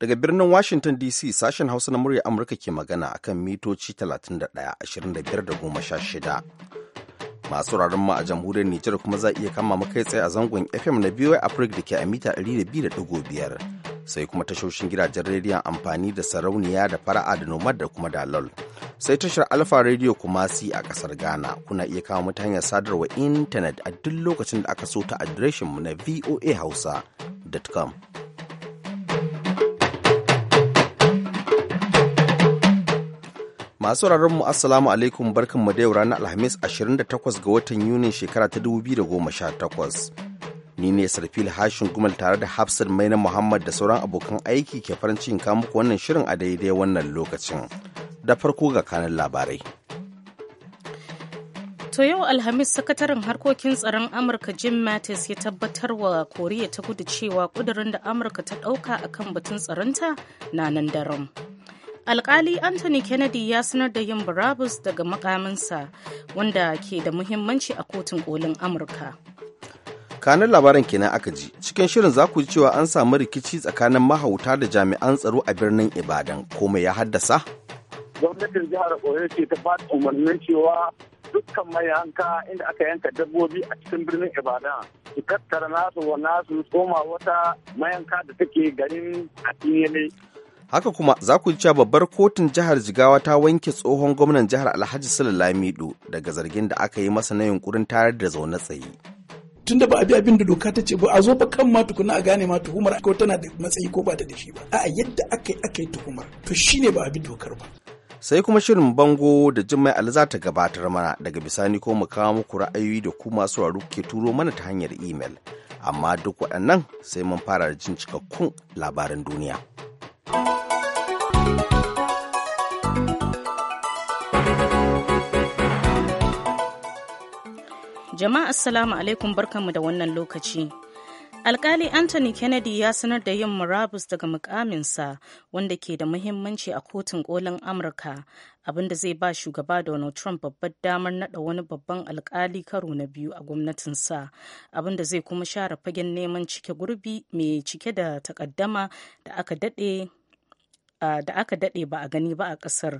Daga birnin Washington DC sashen Hausa na murya Amurka ke magana a kan mitoci 31, 25 da 16. Masu wuraren mu a jamhuriyar Nijar kuma za iya kama mu kai tsaye a zangon FM na a Africa da ke a mita 200.5 sai kuma tashoshin gidajen rediyon amfani da sarauniya da fara'a da nomad da kuma dalol. Sai tashar Alfa Radio kuma si a kasar Ghana kuna iya kama mu ta hanyar sadarwa intanet a duk lokacin da aka so ta adireshinmu na voahausa.com. Masu mu Assalamu alaikum barkan mu da yau ranar Alhamis 28 ga watan Yunin shekara ta 2018. Ni ne Sarfil Hashin Gumal tare da Hafsat Maina Muhammad da sauran abokan aiki ke farin cikin muku wannan shirin a daidai wannan lokacin. Da farko ga kanan labarai. To yau Alhamis sakataren harkokin tsaron Amurka Jim Mattis ya tabbatar wa Koriya ta gudu cewa kudurin da Amurka ta ɗauka akan batun tsaronta na nan daren. alkali anthony kennedy ya sanar da yin barabus daga makaminsa wanda ke da muhimmanci a kotun kolin amurka kanin labaran kenan aka ji cikin shirin za ku ji cewa an samu rikici tsakanin mahauta da jami'an tsaro a birnin ibadan komai ya haddasa gwamnatin jihar oyo ce ta ba umarnin cewa dukkan mayanka inda aka yanka dabbobi a cikin birnin ibadan su tattara nasu wa nasu tsoma wata mayanka da take garin a haka kuma za ku cewa babbar kotun jihar jigawa ta wanke tsohon gwamnan jihar alhaji sula lamido daga zargin da aka yi masa na yunkurin tayar da zaune tsaye tunda ba a bi abin da doka ta ce ba a zo ba kan ma tukuna a gane ma tuhumar ko tana da matsayi ko ba ta da shi ba a'a yadda aka yi aka yi tuhumar to shine ba a bi dokar ba sai kuma shirin bango da jimai za ta gabatar mana daga bisani ko mu kawo muku ra'ayoyi da ku masu sauraro ke turo mana ta hanyar imel amma duk waɗannan sai mun fara jin cikakkun labaran duniya. Jama'a assalamu alaikum barkanmu da wannan lokaci. Alkali Anthony Kennedy ya sanar da yin murabus daga mukaminsa wanda ke da muhimmanci a kotun kolin Amurka abinda zai ba shugaba Donald Trump babbar damar nada wani babban alkali karo na biyu a gwamnatinsa abinda zai kuma share fagen neman cike gurbi mai cike da takaddama da aka dade da aka daɗe ba a gani ba a ƙasar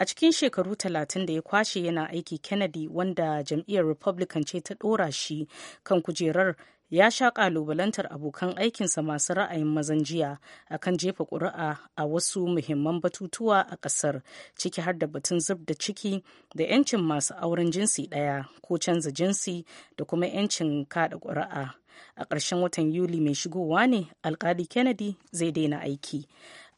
A cikin shekaru talatin da ya kwashe yana aiki Kennedy wanda jam'iyyar Republican ce ta ɗora shi kan kujerar ya sha kalubalantar abokan aikinsa masu ra'ayin mazan jiya a kan jefa ƙuri'a a wasu muhimman batutuwa a ƙasar ciki har da batun zub da ciki da 'yancin masu auren jinsi ɗaya ko canza jinsi da kuma 'yancin kaɗa ƙuri'a a ƙarshen watan yuli mai shigowa ne alƙali kennedy zai daina aiki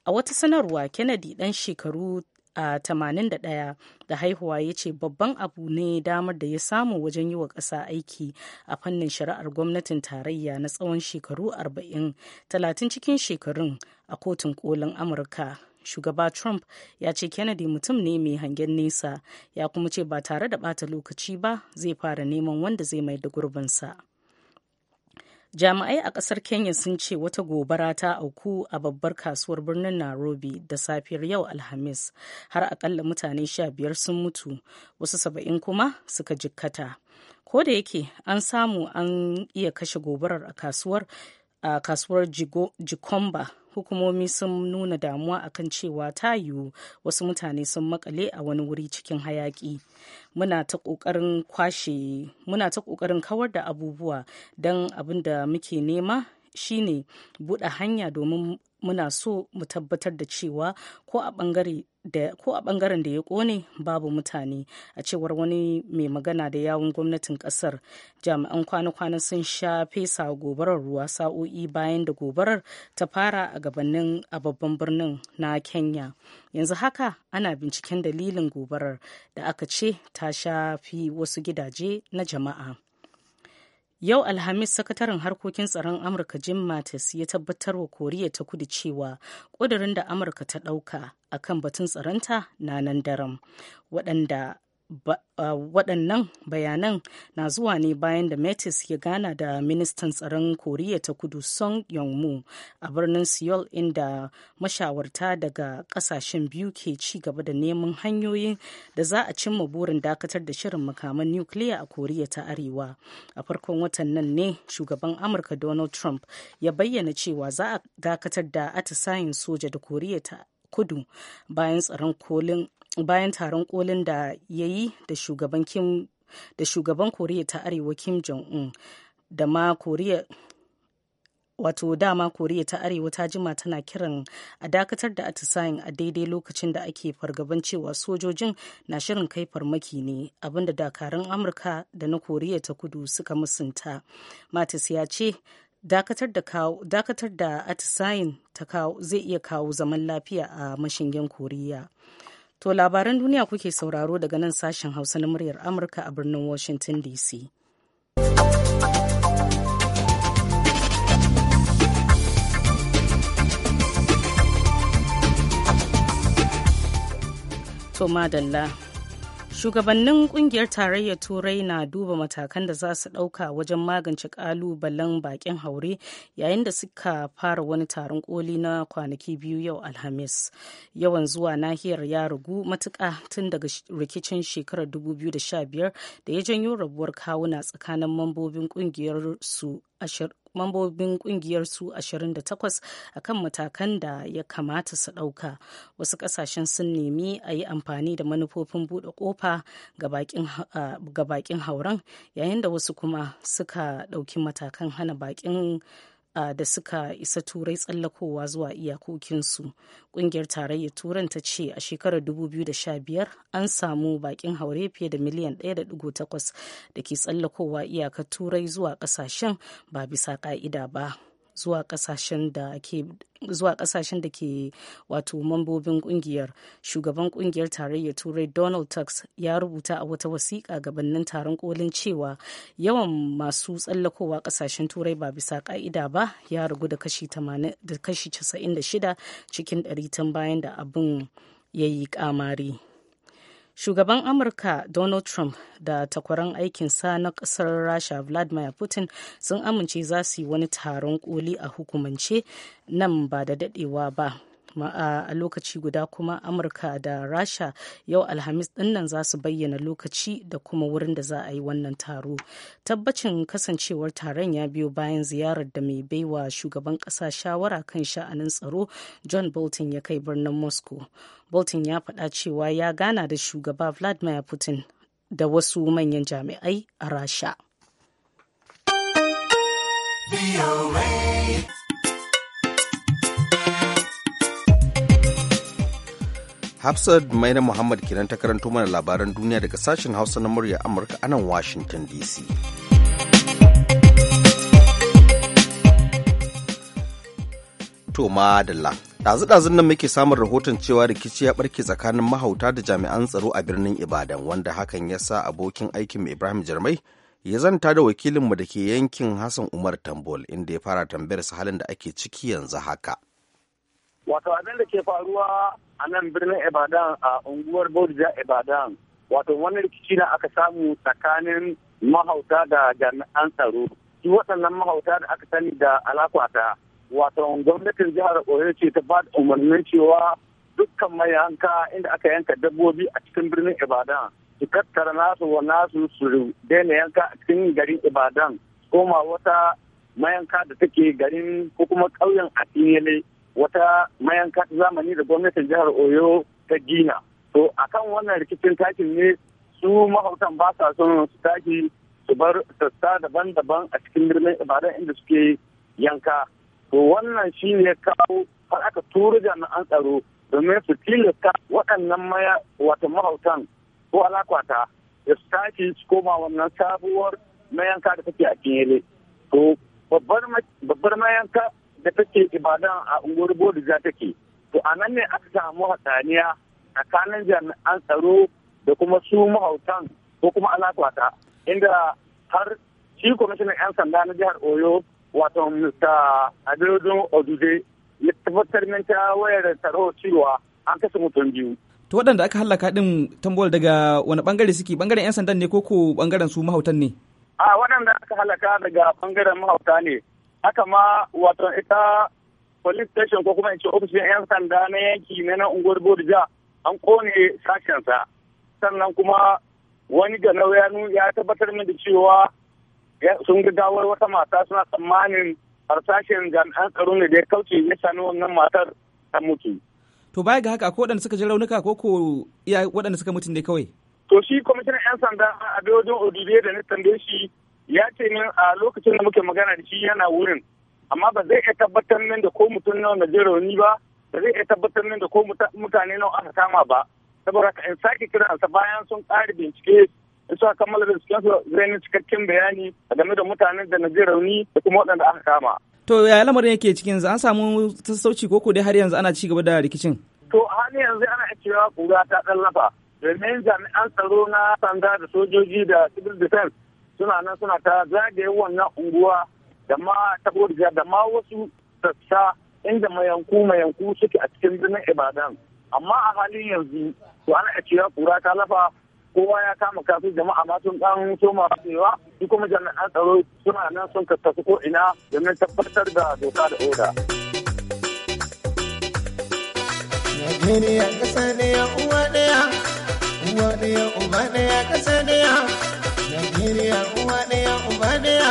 a wata sanarwa kennedy ɗan shekaru a 81 da haihuwa ya ce babban abu ne damar da ya samu wajen yi wa ƙasa aiki a fannin shari'ar gwamnatin tarayya na tsawon shekaru 40 talatin cikin shekarun a kotun kolin amurka shugaba trump ya ce kennedy mutum ne mai hangen nesa ya kuma ce ba tare da bata lokaci ba zai fara neman wanda zai mai da gurbinsa. jami'ai a kasar kenya sun ce wata gobara ta auku a babbar kasuwar birnin nairobi da safiyar yau alhamis har akalla mutane sha biyar sun mutu wasu saba'in kuma suka jikkata ko da yake an samu an iya kashe gobarar a kasuwar a kasuwar jikomba hukumomi sun nuna damuwa akan cewa ta yiwu wasu mutane sun makale a wani wuri cikin hayaki muna ta kokarin muna ta ƙoƙarin kawar da abubuwa don abin da muke nema shine buɗe hanya domin muna so mu tabbatar da cewa ko a ɓangare. da ko a bangaren da ya kone babu mutane a cewar wani mai magana da yawun gwamnatin kasar jami'an kwana-kwana sun sha fesa gobarar ruwa sa'o'i bayan da gobarar ta fara a gabanin a babban birnin na kenya yanzu haka ana binciken dalilin gobarar da aka ce ta shafi wasu gidaje na jama'a Yau Alhamis sakataren harkokin tsaron Amurka Jim Mattis ya tabbatar wa Koriya ta kudu cewa ƙudurin da Amurka ta ɗauka a kan batun tsaronta na nan daram, waɗanda waɗannan bayanan na zuwa ne bayan da metis ya gana da ministan tsaron koriya ta kudu song yong-mu a birnin seoul inda mashawarta daga ƙasashen biyu ke ci gaba da neman hanyoyin da za a cimma burin dakatar da shirin makaman nukiliya a koriya ta arewa a farkon watan nan ne shugaban amurka donald trump ya bayyana cewa za a dakatar da atisayin soja da koriya ta kudu bayan tsaron kolin bayan taron kolin da ya yi da shugaban kim koriya ta arewa kim jong-un da ma koriya wato dama koriya ta arewa ta jima tana kiran a dakatar da atisayin a daidai lokacin da ake fargaban cewa sojojin na shirin kai farmaki ne abinda dakarun amurka da na koriya ta kudu suka musunta matis ya ce dakatar da kawo dakatar da atisayin ta kawo zai iya kawo zaman lafiya a mashingin koriya to labaran duniya kuke sauraro daga nan sashen hausa na muryar amurka a birnin washington dc to madalla Shugabannin kungiyar tarayyar Turai na duba matakan da za su ɗauka wajen magance ƙalubalen bakin haure yayin da suka fara wani taron koli na kwanaki biyu yau Alhamis. Yawan zuwa nahiyar ya ragu matuka tun daga rikicin shekarar 2015 da ya janyo rabuwar kawuna tsakanin mambobin kungiyar su mambobin kungiyar su 28 akan matakan da ya kamata su ɗauka wasu ƙasashen sun nemi a yi amfani da manufofin buɗe ƙofa ga bakin hauran yayin da wasu kuma suka ɗauki matakan hana bakin da suka isa turai tsallakowa zuwa iyakokinsu kungiyar tarayyar turan ta ce a shekarar 2015 an samu bakin haure fiye da miliyan 1.8 da ke tsallakowa iyakar turai zuwa kasashen ba bisa ka'ida ba zuwa kasashen da ke wato mambobin kungiyar shugaban kungiyar tarayyar turai donald tusk ya rubuta a wata wasiƙa gabanin taron kolin cewa yawan masu tsallakowa kasashen turai ba bisa ka'ida ba ya ragu da kashi 96 cikin 100 tun bayan da abin ya yi kamari shugaban amurka donald trump da takwaran aikinsa na kasar rasha vladimir putin sun amince za su yi wani taron koli a hukumance nan ba da dadewa ba a lokaci guda kuma amurka da rasha yau alhamis dinnan za su bayyana lokaci da kuma wurin da za a yi wannan taro tabbacin kasancewar taron ya biyo bayan ziyarar da mai baiwa shugaban kasa shawara kan sha'anin tsaro john bolton ya kai birnin moscow bolton ya faɗa cewa ya gana da shugaba vladimir putin da wasu manyan jami'ai a rasha. Hafsat Maina Muhammad kenan ta karanto mana labaran duniya daga sashen Hausa na murya Amurka a nan Washington DC. To madalla. Ɗazu-ɗazun nan muke samun rahoton cewa rikici ya ɓarke tsakanin mahauta da jami'an tsaro a birnin Ibadan wanda hakan ya sa abokin aikin Ibrahim Jarmai ya zanta da wakilinmu da ke yankin Hassan Umar Tambol inda ya fara tambayar halin da ake ciki yanzu haka. wato abin da ke faruwa a nan birnin ibadan a unguwar bodija ibadan wato wani rikici na aka samu tsakanin mahauta da jami'an tsaro shi waɗannan mahauta da aka sani da alakwata wato gwamnatin jihar oyo ce ta ba da umarnin cewa dukkan mai inda aka yanka dabbobi a cikin birnin ibadan su tattara nasu wa nasu su daina yanka a cikin garin ibadan koma wata mayanka da take garin ko kuma ƙauyen a atinele wata mayanka zamani da gwamnatin jihar oyo ta gina to a kan wannan rikicin takin ne su mahautan ba sa son su taki su bar sassa daban-daban a cikin birnin ibadan inda suke yanka to wannan shi ne kawo har aka turu jami'an tsaro domin su tilasta waɗannan maya wata mahautan ko alakwata da su taki su koma wannan sabuwar mayanka da take a kinyele to babbar mayanka da take ibadan a unguwar bodija take to a nan ne aka samu hatsaniya tsakanin jami'an tsaro da kuma su mahautan ko kuma alakwata inda har shi kwamishinan 'yan sanda na jihar oyo wato mr abiodun odude ya tabbatar min ta wayar tsaro cewa an kashe mutum biyu to waɗanda aka halaka din tambol daga wani bangare suke bangaren 'yan sandan ne ko ko bangaren su mahautan ne a waɗanda aka halaka daga bangaren mahauta ne haka ma wato ita police station ko kuma in ce ofishin 'yan sanda na yanki na nan unguwar Borja an kone sashensa sannan kuma wani ganau ya ya tabbatar min da cewa sun ga gawar wata mata suna tsammanin harsashen jami'an tsaro ne da ya kauce ya sami wannan matar ta mutu. To baya ga haka ko waɗanda suka ji raunuka ko ko iya waɗanda suka mutu ne kawai? To shi kwamishinan 'yan sanda a Abiodun Odibe da na tambaye shi ya ce min a lokacin da muke magana da shi yana wurin amma ba zai iya tabbatar min da ko mutum na Najeriya rauni ba ba zai iya tabbatar min da ko mutane nawa aka kama ba saboda ka in sake sa bayan sun ƙare bincike in suka kammala binciken su zai cikakken bayani game da mutanen da na ji da kuma waɗanda aka kama. To ya lamarin yake cikin an samu sassauci ko ko dai har yanzu ana ci gaba da rikicin? To a har yanzu ana cewa kura ta ɗan lafa. Domin jami'an tsaro na sanda da sojoji da civil defense suna nan suna ta zagaye wannan unguwa da ma ta da ma wasu sassa inda mayanku mayanku suke a cikin birnin ibadan amma a halin yanzu to ana a cewa kura ta lafa kowa ya kama kasu jama'a ma sun dan soma rafewa su kuma jami'an tsaro suna nan sun kaskasu ko ina domin tabbatar da doka da oda. nigeria ƙasa ɗaya uwa ɗaya, uwa ɗaya uba ɗaya ƙasa ɗaya. Najeriya uwa ɗaya uba ɗaya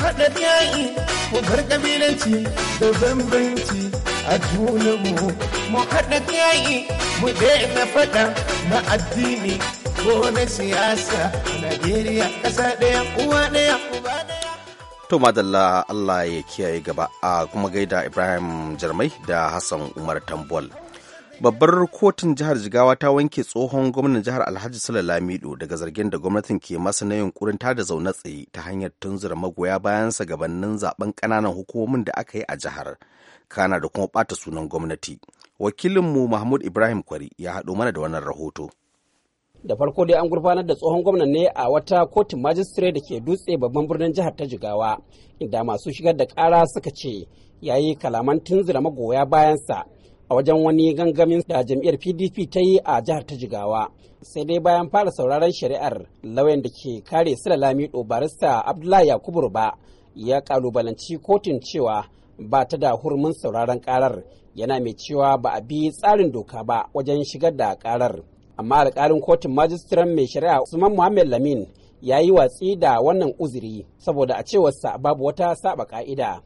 haɗa yayi mu bar ƙabilanci da bambanci a junanmu mu haɗa yayi mu daina faɗa na addini ko na siyasa Najeriya ƙasa ɗaya uwa ɗaya uba ɗaya. To madalla Allah ya kiyaye gaba a kuma gaida Ibrahim Jarmai da Hassan Umar Tambol. babbar kotun jihar jigawa ta wanke tsohon gwamnan jihar alhaji sula lamido daga zargin da gwamnatin ke masa na yunkurin tada zaune tsaye ta hanyar tunzura magoya bayansa gabanin zaben kananan hukumomin da aka yi a jihar kana da kuma bata sunan gwamnati wakilinmu mahmud ibrahim kwari ya haɗo mana da wannan rahoto da farko dai an gurfanar da tsohon gwamnan ne a wata kotun majistire da ke dutse babban birnin jihar ta jigawa inda masu shigar da kara suka ce yayi kalaman tunzura magoya bayansa a wajen wani gangamin da jam'iyyar pdp ta yi a jihar ta jigawa sai dai bayan fara sauraron shari'ar lauyan da ke kare sila lamido barista abdullahi yakubu ba ya kalubalanci kotun cewa ba ta da hurumin sauraron karar yana mai cewa ba a bi tsarin doka ba wajen shigar da karar amma alƙalin kotun majistiran mai shari'a usman muhammad lamin ya yi watsi da wannan uzuri saboda a cewarsa babu wata saba ka'ida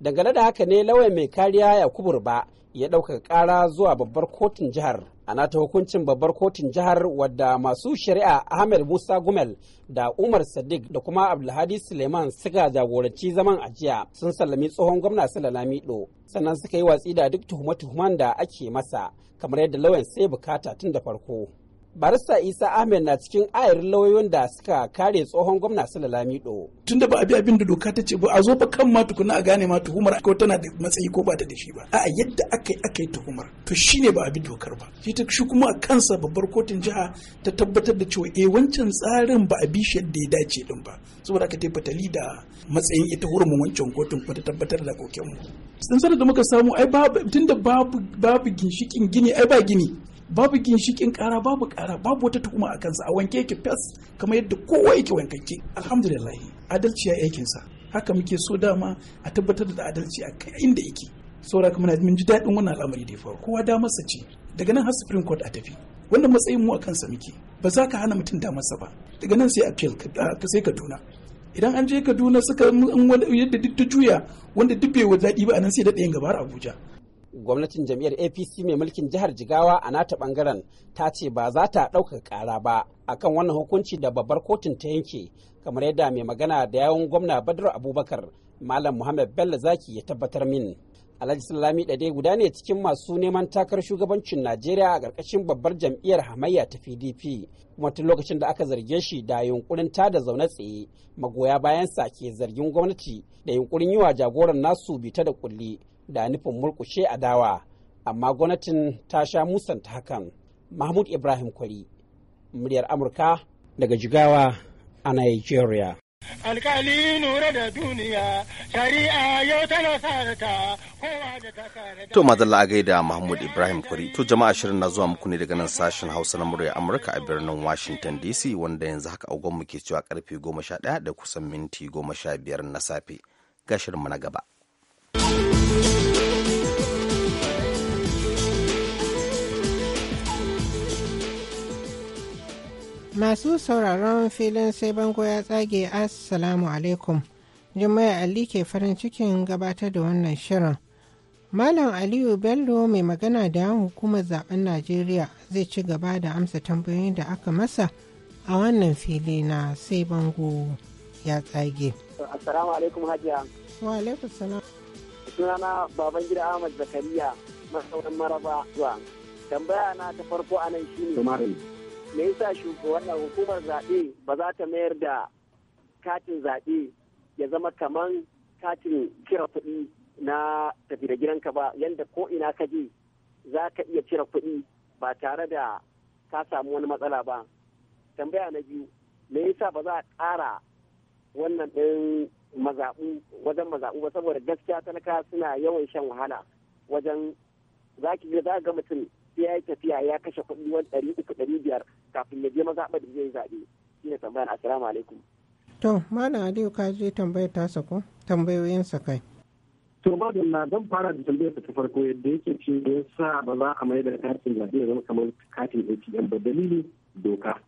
dangane da haka ne lauyan mai kariya yakubu ba ya ɗaukaka ƙara zuwa babbar kotun jihar a ta hukuncin babbar kotun jihar wadda masu shari'a ahmed musa gumel da umar sadiq da kuma abdulhadi suleiman suka jagoranci zaman ajiya sun sallami tsohon gwamna sala lamido sannan suka yi watsi da duk tuhume-tuhumen da ake masa kamar yadda lauyan sai bukata tun da farko barista isa ahmed na cikin ayar lauyoyin da suka kare tsohon gwamna sula lamido tun da ba a bi abin da doka ta ce ba a zo ba kan ma tukuna a gane ma tuhumar ko tana da matsayi ko ba ta da shi ba a yadda aka yi aka yi tuhumar to shine ba a bi dokar ba shi ta shi kuma a kansa babbar kotun jiha ta tabbatar da cewa eh wancan tsarin ba a bi shi yadda ya dace din ba saboda aka ta fatali da matsayin ita hurumin wancan kotun kuma ta tabbatar da kokenmu sun sanar da muka samu ai babu tunda babu ginshikin gini ai ba gini babu ginshikin kara babu kara babu wata tuhuma a kansa a wanke yake fes kamar yadda kowa yake wankanke alhamdulillah adalci ya aikinsa haka muke so dama a tabbatar da adalci a kai inda yake saboda kuma mun ji daɗin wannan al'amari da fa faru kowa damarsa ce daga nan har supreme court a tafi wannan matsayin mu a kansa muke ba za ka hana mutum damarsa ba daga nan sai appeal ka sai kaduna idan an je kaduna suka yadda duk ta juya wanda duk bai wa daɗi ba a nan sai ɗayan gabar abuja gwamnatin jam'iyyar apc mai mulkin jihar jigawa a nata bangaren ta ce ba za ta ɗaukaka ƙara ba akan wannan hukunci da babbar kotun ta yanke kamar yadda mai magana da yawon gwamna badar abubakar malam muhammad bello zaki ya tabbatar min alhaji salami ɗade guda ne cikin masu neman takar shugabancin najeriya a ƙarƙashin babbar jam'iyyar hamayya ta pdp kuma tun lokacin da aka zarge shi da yunkurin ta da zaune tsaye magoya bayansa ke zargin gwamnati da yunkurin yi wa jagoran nasu bita da kulli da nufin a dawa amma gwamnatin ta sha musanta hakan mahmud ibrahim kwari muryar amurka daga jigawa a nigeria alkali nura da duniya shari'a yau tana sarata kowa da ta sarata to a gaida mahmud ibrahim kwari to jama'a shirin na zuwa muku ne daga nan sashen hausa na murya amurka a birnin washington dc wanda yanzu haka agon mu ke cewa karfe 11 da kusan minti 15 na safe ga shirin mu na gaba Masu sauraron filin sai bango ya tsage Assalamu alaikum. Jummai Ali ke farin cikin gabatar da wannan shirin. Malam Aliyu Bello mai magana da hukumar zaben Najeriya zai ci gaba da amsa tambayoyin da aka masa a wannan fili na sai bango ya tsage. Assalamu alaikum Tambaya na ta farko a nan shine. me yasa shugaban hukumar zaɓe ba za ta mayar da katin zaɓe ya zama kaman katin cire kuɗi na tafi da gidanka ba yadda ko ina ka je za ka iya cire kuɗi ba tare da ka samu wani matsala ba tambaya na biyu me yasa ba za a ƙara wannan ɗin mazaɓu wajen mazaɓu ba saboda gaskiya talaka suna yawan shan wahala wajen za ki zaka ga mutum sai ya yi tafiya ya kashe kuɗi wani ɗari uku ɗari biyar kafin ya je mazaɓar da zai zaɓe shi ne tambayar assalamu alaikum. to malam aliyu ka je tambayar tasa ko sa kai. to ba da na zan fara da tambayar ta farko yadda yake ce ya sa ba za a mai da katin zaɓe zama kamar katin atm ba dalili doka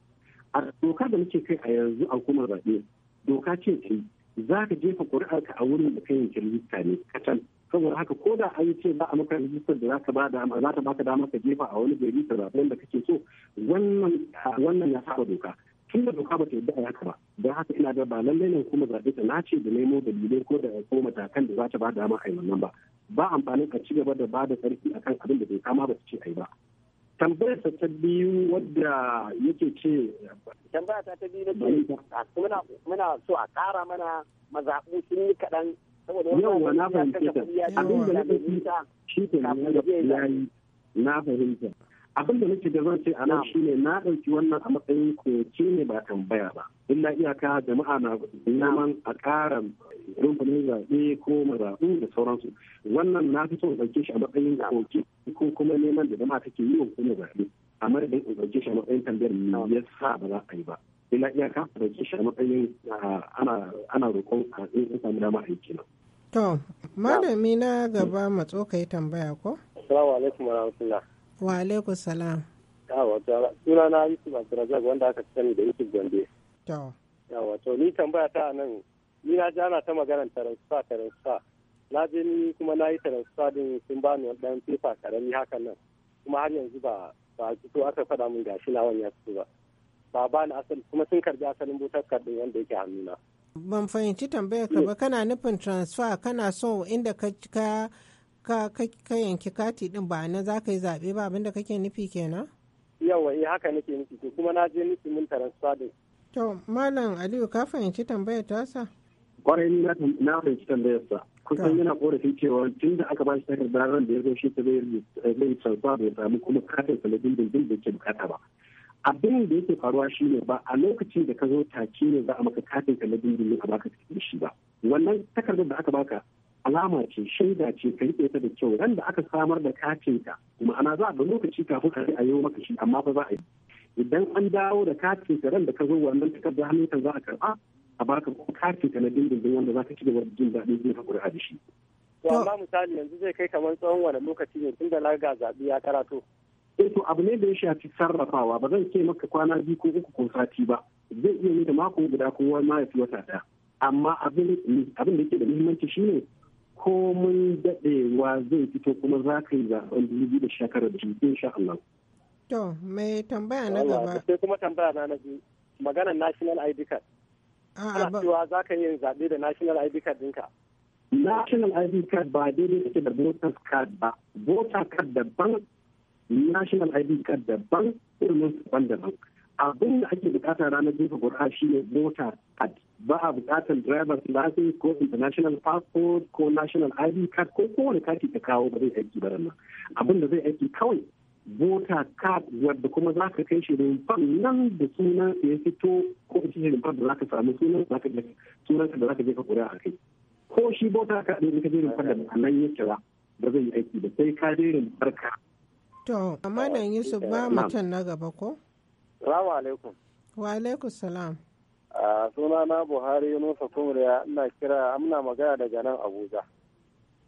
a doka da muke kai a yanzu a hukumar zaɓe doka ce ta yi za ka jefa ƙuri'arka a wurin da kai yankin lista ne kacal saboda haka ko da an ce za a maka rijistar da za ka bada za ta baka dama ka jefa a wani jirgin ka zaɓi wanda kake so wannan wannan ya saba doka tun da doka ba ta yadda a yaka ba don haka ina da ba lallai ne kuma zaɓe ta nace da nemo dalilai ko da ko matakan da za ta ba dama a yi wannan ba ba amfanin a ci gaba da ba da tsarki akan abin da bai kama ba ta ce a yi ba tambayar ta biyu wadda yake ce tambaya ta ta biyu na ce muna so a kara mana mazaɓu sun yi kaɗan yau yawwa na fahimce ta abin da nake yi shi ke nan yayi na fahimta abin da nake da zan ce a nan shine na ɗauki wannan a matsayin koce ne ba tambaya ba illa iyaka jama'a na neman a ƙara rumfunin zaɓe ko mazaɓu da sauransu wannan na fi son ɗauke shi a matsayin koke ko kuma neman da jama'a take yi wa hukumar zaɓe a madadin in ɗauke shi a matsayin tambayar me yasa ba za a yi ba illa iyaka ɗauke shi a matsayin ana roƙon a in samu dama aiki nan. To, malami na gaba matso ka yi tambaya ko? Assalamu alaikum wa rahmatullah. Wa alaikum salam. Yawa, suna na Yusuf Abdulrazak wanda aka sani da Yusuf Gombe. To. Yawa, to ni tambaya ta nan ni na ji ana ta maganar taransifa taransifa. Na je ni kuma na yi taransifa din sun ba ni ɗan fifa karami hakan nan. Kuma har yanzu ba ba fito aka faɗa min gashi na wani ya fito ba. Ba ba ni asali kuma sun karbi asalin butar kardin wanda yake hannuna. ban fahimci tambayar ka ba kana nufin transfer kana so inda ka ka ka yanki kati din ba na za ka yi zaɓe ba abinda kake nufi kenan yawa eh haka nake nufi to kuma na je nufi mun transfer din to malam aliyu ka fahimci tambayar sa. kwarai ni na fahimci tambayar sa kusan yana korafin cewa tun da aka ba shi takardar ran da ya zo shi ta zai transfer bai samu kuma katin sanadin dindin da ke bukata ba abin da yake faruwa shi ne ba a lokacin da ka zo take ne za a maka katin ka na dindindin a baka cikin shi ba wannan takardar da aka baka alama ce shaida ce ka riƙe ta da kyau ran da aka samar da katin ka ma'ana za a ga lokaci kafin ka a yi maka shi amma ba za a yi idan an dawo da katin ka ran da ka zo wannan takardar hannun za a karɓa a baka katin ka na dindindin wanda za ka ci gaba da jin daɗin ka kuri da shi. to amma misali yanzu zai kai kamar tsawon wani lokaci ne tun da laga zaɓe ya karato. Eh, to abu ne da ya shafi sarrafawa ba zan ce maka kwana biyu ko uku ko sati ba zai iya nuna mako guda ko wani ma ya fi wata ɗaya amma abin da yake da muhimmanci shine ko mun daɗewa zai fito kuma za ka yi zaɓen dubu da shekarar da shi sha Allah. To mai tambaya na gaba. Sai kuma tambaya na biyu maganar National ID card. Ana cewa za ka yi zaɓe da National ID card ɗinka. National ID card ba daidai take da voters card ba. Voter card daban national id card daban ilimin daban daban abin da ake bukata ranar jefa shi ne mota card ba a bukatar driver's license ko international passport ko national id card ko kowane kati ta kawo ba zai aiki ba nan abin da zai aiki kawai bota card wadda kuma za ka kai shi rumfar nan da sunan ya fito ko shi ba da za ka samu sunan da za ka jefa ƙuri'a a kai ko shi voter card ne ka je rumfar da nan ya kira ba zai yi aiki ba sai ka je rumfar ka To, Malam Yusuf ba eh, mutum na gaba ko? Salamu alaikum. Wa alaikum salam. suna na Buhari Yunusa Kumriya ina kira amna magana daga nan Abuja.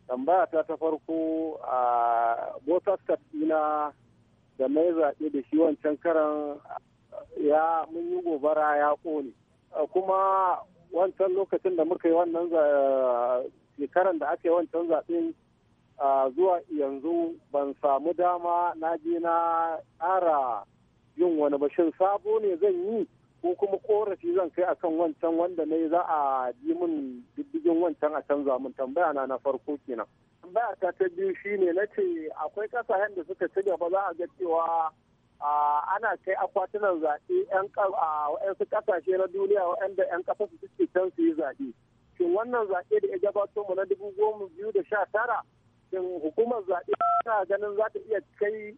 Tambaya ta ta farko a Botaskat ina da na zaɓe da shi wancan karan ya mun yi gobara ya ƙone. Kuma wancan lokacin da muka yi wannan shekaran da ake wancan zaɓen zuwa yanzu ban samu dama na je na ƙara yin wani ba shin sabo ne zan yi ko kuma korafi zan kai akan wancan wanda ne za a ji min diddigin wancan a canza min tambaya na na farko kenan tambaya ta ta biyu shine na ce akwai kasashen da suka ci gaba za a ga cewa ana kai akwatunan zaɓe yan su kasashe na duniya waanda 'yan ƙasa su suke can su yi zaɓe shin wannan zaɓe da ya gabato mu na dubu goma biyu da sha tara shin hukumar zaɓe ta ganin za ta iya kai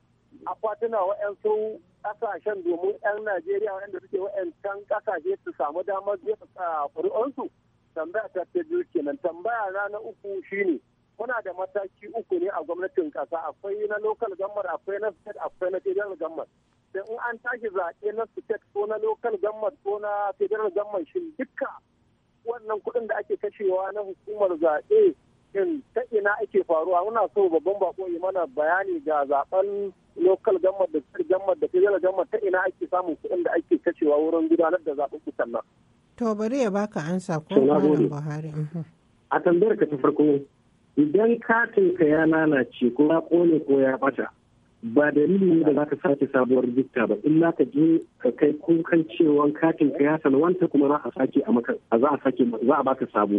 akwatuna wa'yansu ƙasashen domin 'yan Najeriya wanda suke wa'yancan ƙasashe su samu damar jefa ƙuri'unsu? Tambaya ta ta biyu kenan. Tambaya na na uku shine muna da mataki uku ne a gwamnatin ƙasa akwai na local gammar akwai na state akwai na federal gammar Sai in an tashi zaɓe na state ko na local gammar ko na federal gammar shin dukka wannan kuɗin da ake kashewa na hukumar zaɓe din ta ina ake faruwa muna so babban bako yi mana bayani ga zaben lokal gamar da gamar da federal gamar ta ina ake samun kuɗin da ake kashewa wurin gudanar da zaben kusan nan. To bari ya baka ansa ko Malam Buhari. Mhm. A tambayar ka ta farko idan katin ka ya lalace ko ya kone ko ya bata ba dalili ne da za ka sake sabuwar rijista ba in ka je ka kai kukan cewa katin ka ya salwanta kuma za a sake a za a sake za a baka sabo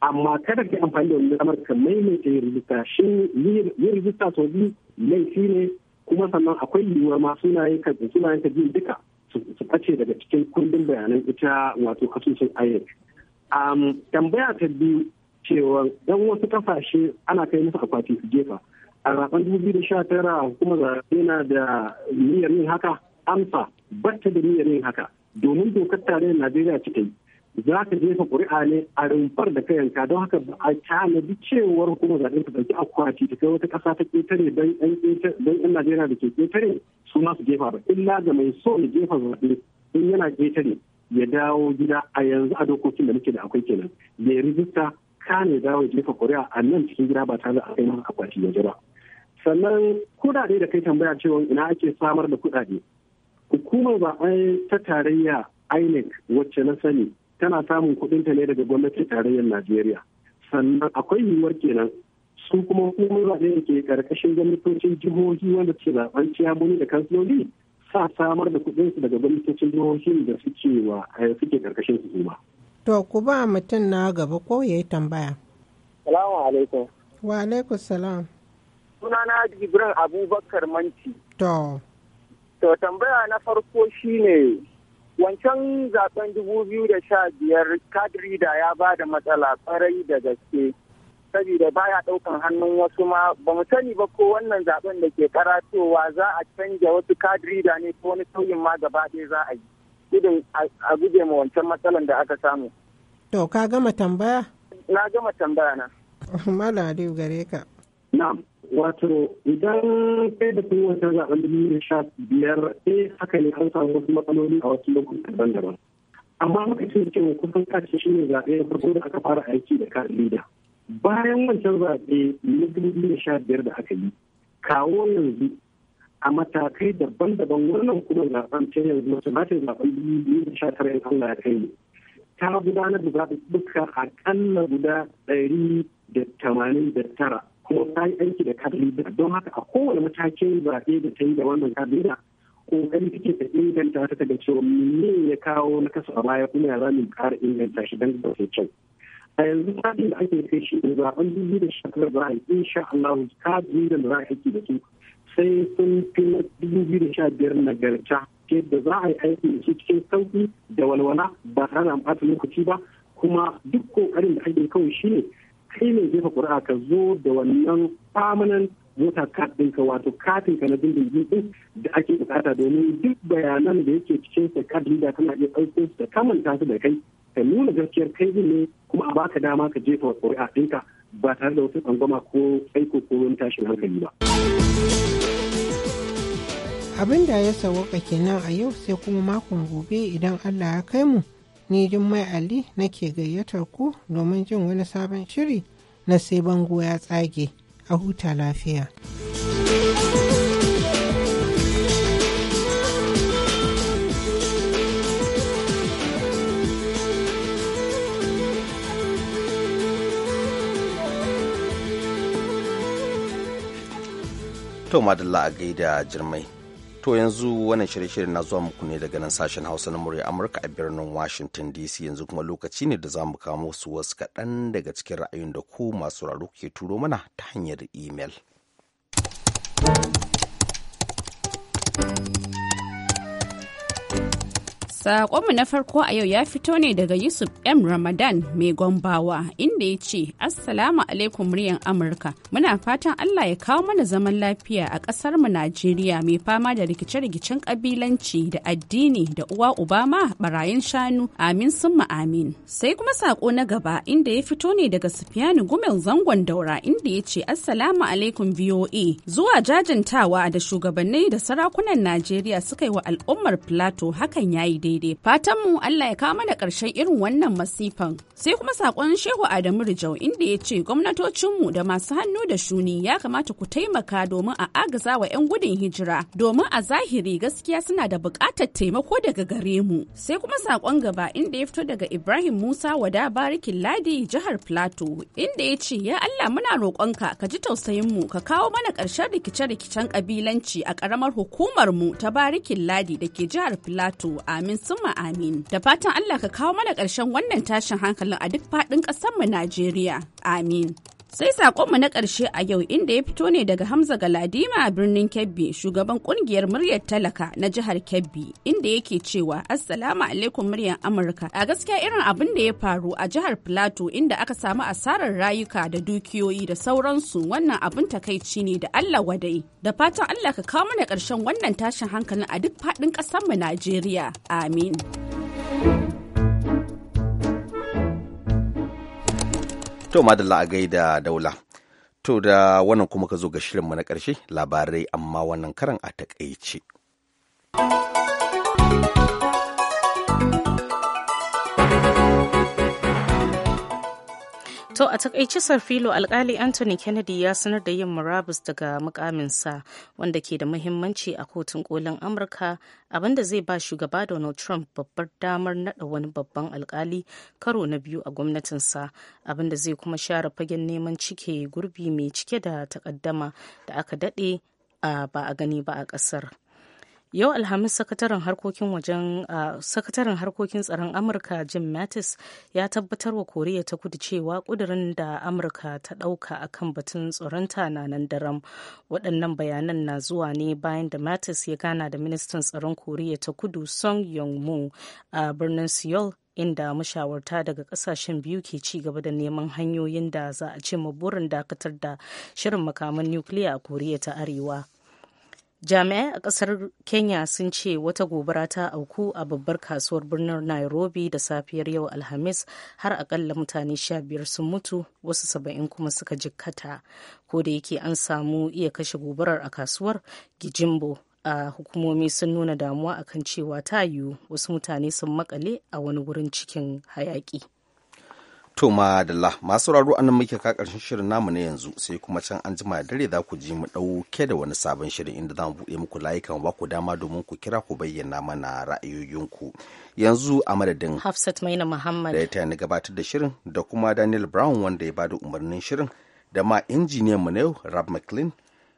amma kada ka amfani da wani damar ka maimaita yin rijista shi yin rijista sau biyu laifi ne kuma sannan akwai yiwuwar ma sunayen ka sunayen ka biyu duka su ɓace daga cikin kundin bayanan ita wato asusun INEC. tambaya ta biyu cewa dan wasu kafashe ana kai musu akwati su jefa a zaben dubu biyu da sha tara hukumar zaɓe na da niyyar yin haka amsa batta da niyyar yin haka domin dokar tarayyar najeriya cikin za ka jefa ƙuri'a ne a rumfar da ka don haka ba a tanadi cewar hukumar zaɓen ta ɗauki akwati ta kai wata ƙasa ta ƙetare don yan Najeriya da ke ƙetare su ma su jefa ba illa ga mai so ya jefa zaɓe in yana ƙetare ya dawo gida a yanzu a dokokin da muke da akwai kenan ya yi rijista kane dawo ya jefa ƙuri'a a nan cikin gida ba tare da kai masa akwati ya ba sannan kuɗaɗe da kai tambaya cewa ina ake samar da kuɗaɗe hukumar ba ta tarayya INEC wacce na sani tana samun ta ne daga gwamnatin tarayyar najeriya sannan akwai yiwuwar kenan su kuma hukumar zaɓe da ke ƙarƙashin gwamnatocin jihohi wanda ke zaɓen ciyamuni da kansiloli sa samar da su daga gwamnatocin jihohi da suke wa eh, suke ƙarƙashin su kuma. To ku ba mutum na gaba ko ya yi tambaya. Salamu alaikum. Wa alaikum salam. Sunana ibrahim Abubakar manti. To. To tambaya na farko shine wancan zaben dubu biyu da sha biyar kadiri ya ba da matsala kwarai da gaske saboda baya daukan hannun wasu ma ba mu sani ba ko wannan zaben da ke karatowa za a canja wasu kadiri da ne ko wani sauyin ma gaba ɗaya za a yi idan a guje ma wancan matsalan da aka samu. To ka gama tambaya? Na gama tambaya na. Mala gare ka. Na'am. wato idan kai da kun wata zaben biyu da sha biyar eh haka ne an samu wasu matsaloli a wasu lokutan daban-daban amma lokacin cewa kusan kashi shi ne zaɓe na farko da aka fara aiki da kan lida bayan wancan zaɓe na dubu sha biyar da aka yi kawo yanzu a matakai daban-daban wannan kuma zaɓen ta yanzu wata ba ta zaɓen dubu da sha tara Allah ya kai ta gudanar da zaɓe duka aƙalla guda ɗari da tamanin da tara kuma ta yi aiki da kadida don haka a kowane matakin zaɓe da ta yi da wannan kadida kokari take ta inganta ta daga cewa me ya kawo na kasa a baya kuma ya za mu ƙara inganta shi don da kyau a yanzu tsarin da ake kai shi da zaɓen dubu da shekarar da insha Allah tsarin da za a aiki da su sai sun fi na dubu da sha biyar nagarta yadda za a yi aiki da su cikin sauƙi da walwala ba tare da ɓata lokaci ba kuma duk kokarin da ake kawai shi ne kai ne jefa ƙuri'a ka zo da wannan famanan mota kat ɗinka wato katin ka na dindindin ɗin da ake bukata domin duk bayanan da yake cikin sa card da tana iya ɗauko su da kamanta su da kai ka nuna gaskiyar kai ne kuma a baka dama ka jefa ƙuri'a ɗinka ba tare da wata tsangwama ko aiko ko wani tashin hankali ba. Abin da ya sauwaka kenan a yau sai kuma makon gobe idan Allah ya kai mu. ni jummai ali nake gayyatar ku domin jin wani sabon shiri na sai bango ya tsage a huta lafiya. To madalla a gaida jirmai To yanzu wannan shirye-shiryen na zuwa muku ne daga nan sashen Hausa na murya Amurka a birnin Washington DC yanzu kuma lokaci ne da zamu mu kamo su wasu kaɗan daga cikin ra'ayin da ku masu raro ke turo mana ta hanyar imel. Sakonmu na farko a yau ya fito ne daga Yusuf M. Ramadan mai gombawa inda ya ce, Assalamu alaikum muryan Amurka. Muna fatan Allah ya kawo mana zaman lafiya a ƙasar mu Najeriya mai fama da rikice-rikicen ƙabilanci da addini da uwa Obama barayin shanu amin summa amin. Sai kuma sako na gaba inda ya fito ne daga Sufiyanu Gumel zangon daura inda ya ce Assalamu alaikum VOA zuwa jajantawa da shugabanni da sarakunan Najeriya suka yi wa al'ummar Plateau hakan ya yayi daidai fatanmu Allah ya kawo mana ƙarshen irin wannan masifan sai kuma saƙon shehu Adamu Rijau inda ya ce gwamnatocinmu da masu hannu da shuni ya kamata ku taimaka domin a agaza wa 'yan gudun hijira domin a zahiri gaskiya suna da buƙatar taimako daga gare mu sai kuma saƙon gaba inda ya fito daga Ibrahim Musa wada barikin ladi jihar Plateau inda ya ce ya Allah muna roƙonka ka ji tausayinmu ka kawo mana ƙarshen rikice-rikicen ƙabilanci a ƙaramar hukumar mu ta barikin ladi da ke jihar Plateau amin summa amin. Da fatan Allah ka kawo mana ƙarshen wannan tashin hankalin a duk faɗin ƙasarmu Najeriya. Amin. Sai sakonmu na ƙarshe a yau inda ya fito ne daga Hamza Galadima a birnin Kebbi shugaban kungiyar muryar talaka na jihar Kebbi inda yake cewa Assalamu alaikum muryar Amurka. A gaskiya irin abin da ya faru a jihar Plateau inda aka samu asarar rayuka da dukiyoyi da sauransu wannan abin takaici ne da Allah wadai. Da fatan Allah ka kawo mana ƙarshen wannan tashin hankalin a duk faɗin ƙasarmu Najeriya. Amin. To madalla a gaida daula. To da wannan kuma ka zo ga shirinmu na ƙarshe labarai amma wannan karan a takaice. To a takaici Sarfilo alkali Anthony Kennedy ya sanar da yin murabus daga mukaminsa wanda ke da muhimmanci a kotun kolin Amurka abinda zai ba shugaba Donald Trump babbar damar nada wani babban alkali karo na biyu a gwamnatinsa abinda zai kuma share fagen neman cike gurbi mai cike da takaddama da aka dade a ba a gani ba a kasar. yau alhamis sakataren harkokin wajen sakataren harkokin tsaron amurka jim mattis ya tabbatar wa koriya ta kudu cewa kudurin da amurka ta dauka akan batun tsoronta na nan daram waɗannan bayanan na zuwa ne bayan da mattis ya gana da ministan tsaron koriya ta kudu song yong mu a birnin seoul inda mashawarta daga kasashen biyu ke ci gaba da neman hanyoyin da za a ce burin dakatar da shirin makaman nukiliya a koriya ta arewa jami'ai a kasar kenya sun ce wata gobara ta auku a babbar kasuwar birnin nairobi da safiyar yau alhamis har akalla mutane sha biyar sun mutu wasu saba'in kuma suka jikkata ko da yake an samu iya kashe gobarar a kasuwar gijimbo a hukumomi sun nuna damuwa akan cewa ta yiwu wasu mutane sun makale a wani wurin cikin hayaki To madalla masu raro anan muke ka karshen shirin namu na yanzu sai kuma can an jima dare za ku ji mu ɗauke da wani sabon shirin inda za mu buɗe muku layukan ba ku dama domin ku kira ku bayyana mana ra'ayoyinku. Yanzu a madadin Hafsat Maina Muhammad da ya ni gabatar da shirin da kuma Daniel Brown wanda ya bada umarnin shirin da ma injiniyan mu na yau Rab McLean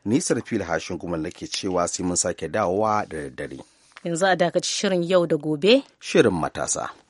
nisar fil hashin kuma nake cewa sai mun sake dawowa da daddare. Yanzu a dakaci shirin yau da gobe. Shirin matasa.